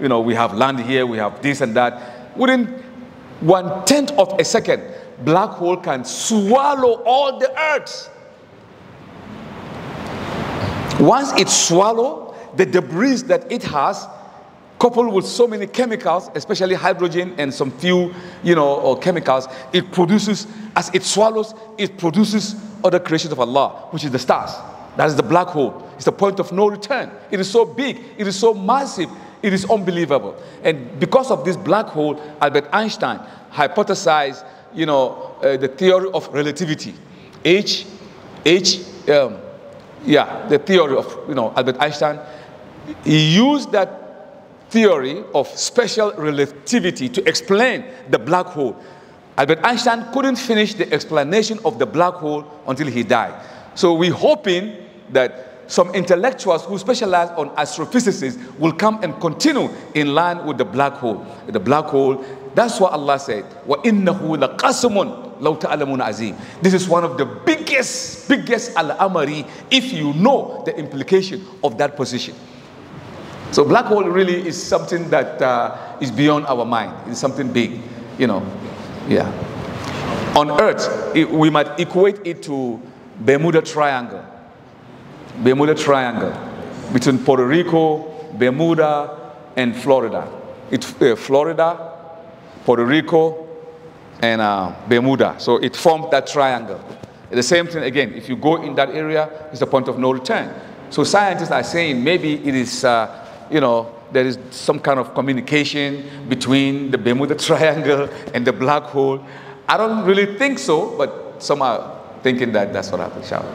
you know, we have land here, we have this and that. Within one tenth of a second, black hole can swallow all the earth. Once it swallow, the debris that it has, coupled with so many chemicals, especially hydrogen and some few, you know, uh, chemicals, it produces, as it swallows, it produces other creations of Allah, which is the stars. That is the black hole. It's the point of no return. It is so big, it is so massive, it is unbelievable. And because of this black hole, Albert Einstein hypothesized, you know, uh, the theory of relativity. H, H, um, yeah, the theory of, you know, Albert Einstein. He used that theory of special relativity to explain the black hole. Albert Einstein couldn't finish the explanation of the black hole until he died. So we're hoping that some intellectuals who specialize on astrophysics will come and continue in line with the black hole. The black hole, that's what Allah said. وَإِنَّهُ لَقَسْمٌ لَوْ تَعْلَمُونَ عَزِيمٌ This is one of the biggest, biggest al-amari if you know the implication of that position. So black hole really is something that uh, is beyond our mind. It's something big, you know. Yeah. On Earth, it, we might equate it to Bermuda Triangle Bermuda Triangle between Puerto Rico, Bermuda, and Florida. It, uh, Florida, Puerto Rico, and uh, Bermuda. So it formed that triangle. The same thing again, if you go in that area, it's a point of no return. So scientists are saying maybe it is, uh, you know, there is some kind of communication between the Bermuda Triangle and the black hole. I don't really think so, but some are thinking that that's what happened.